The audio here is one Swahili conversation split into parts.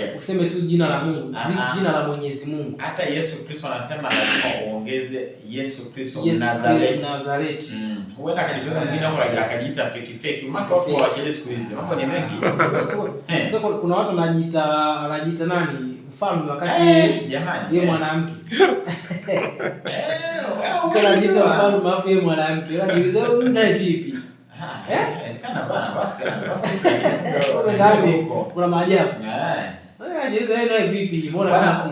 yake. Useme tu jina la Mungu, ah, ah. jina la Mwenyezi Mungu. Hata Yesu Kristo anasema lazima uongeze Yesu Kristo Nazareti. Nazareti. Mm. Huenda akajitoa eh. mwingine huko akajiita fake fake. Mambo watu hawachelewi siku hizi. Mambo ni mengi. Sasa eh. kuna watu wanajiita wanajiita nani? Mfalme wakati eh, jamani, yeye mwanamke. Eh, wewe unajiita mfalme mafu yeye mwanamke. Unajiuliza huyu naye vipi? Ah, eh? Kana bana basi basi. Kuna maajabu. Eh.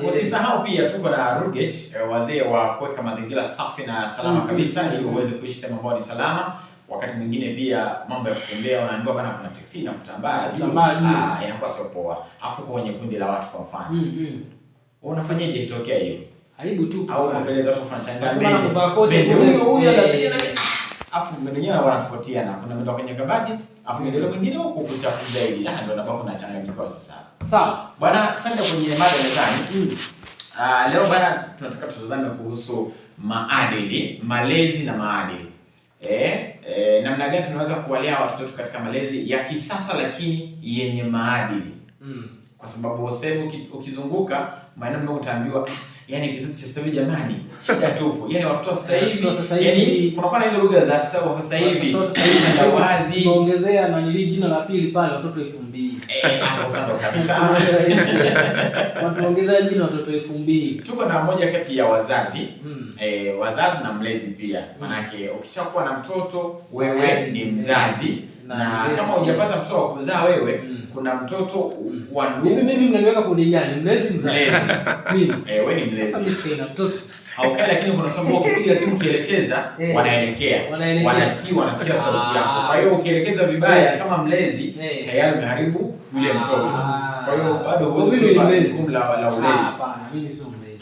Usisahau pia tuko na eh, wazee wa kuweka mazingira safi na salama mm-hmm. kabisa ili uweze kuishi sehemu ambayo ni salama. Wakati mwingine pia mambo ya kutembea, unaambiwa bana, kuna teksi na kutambaa juu, ah, inakuwa sio poa, afu kwa kwenye kundi la watu kwa mfano mm -hmm. unafanyaje itokea hivyo? Aibu tu au watu kufanya shangazi, huyo huyo eh, anapiga meno yenyewe yanakuwa yanatofautiana. Kuna meno kwenye kabati, afu meno ile mwingine huko kuchafu zaidi. Ah, ndio napo kuna changamoto sasa. Sawa. Bwana, twende kwenye mada mezani. Mm. Ah, leo bwana tunataka tutazame kuhusu maadili, malezi na maadili. Eh, eh, namna gani tunaweza kuwalea watoto wetu katika malezi ya kisasa lakini yenye maadili. Mm kwa sababu sasa ukizunguka maana mimi utaambiwa ah, yani kizazi cha sasa hivi jamani, shida tupo. Yani watoto sasa hivi yani kuna na hizo lugha za sasa sasa hivi na wazi, tuongezea na nili jina la pili pale watoto 2000 eh, hapo sasa kabisa watuongezea jina watoto 2000. Tuko na moja kati ya wazazi hmm. eh, wazazi na mlezi pia hmm. Manake ukishakuwa na mtoto wewe eh, ni mzazi na, kama hujapata mtoto wa kuzaa wewe hmm kuna mtoto mm. wa ndugu. Mimi mimi mnaniweka kwenye jani, mlezi mzazi. Mimi. Eh, wewe ni mlezi. Mimi sina mtoto. Haukai lakini kuna sababu ukipiga simu kielekeza ukielekeza eh. wanaelekea. Wanaelekea. Wanatii, wanasikia ah. sauti yako. Kwa hiyo ukielekeza vibaya eh. kama mlezi eh. tayari umeharibu yule ah. mtoto. Kwa hiyo bado huwezi wewe ni ah, mlezi.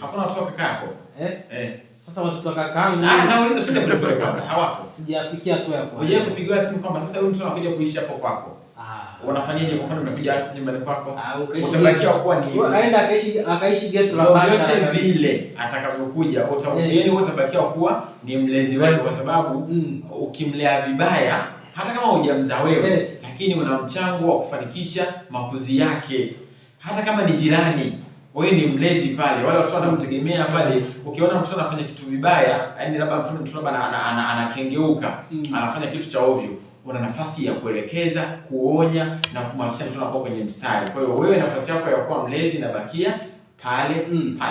Hakuna mtoto kaka yako. Eh? Eh. Sasa watoto wa kakaangu ah, nauliza shida kule kule kwanza, hawapo. Sijafikia hatua ya kwa. Wewe kupigiwa simu kwamba sasa huyu mtu anakuja kuishi hapo kwako. Ah, unafanyaje? Kwa mfano unakuja nyumbani kwako, ah, utabakiwa kuwa ni wewe, aenda akaishi akaishi geto la bata. Yote vile atakavyokuja, utakuwa eh. utabakiwa kuwa ni mlezi wake, kwa sababu mm. ukimlea vibaya, hata kama hujamzaa wewe, eh. lakini una mchango wa kufanikisha makuzi yake, hata kama ni jirani wewe ni mlezi pale, wale watoto wanakutegemea pale. Ukiona mtoto anafanya kitu vibaya, yaani labda mfano mtoto labda anakengeuka, mm. anafanya kitu cha ovyo, una nafasi ya kuelekeza, kuonya na kumhakikisha mtoto anakuwa kwenye mstari. Kwa hiyo wewe nafasi yako ya kuwa mlezi inabakia pale, mm, pale.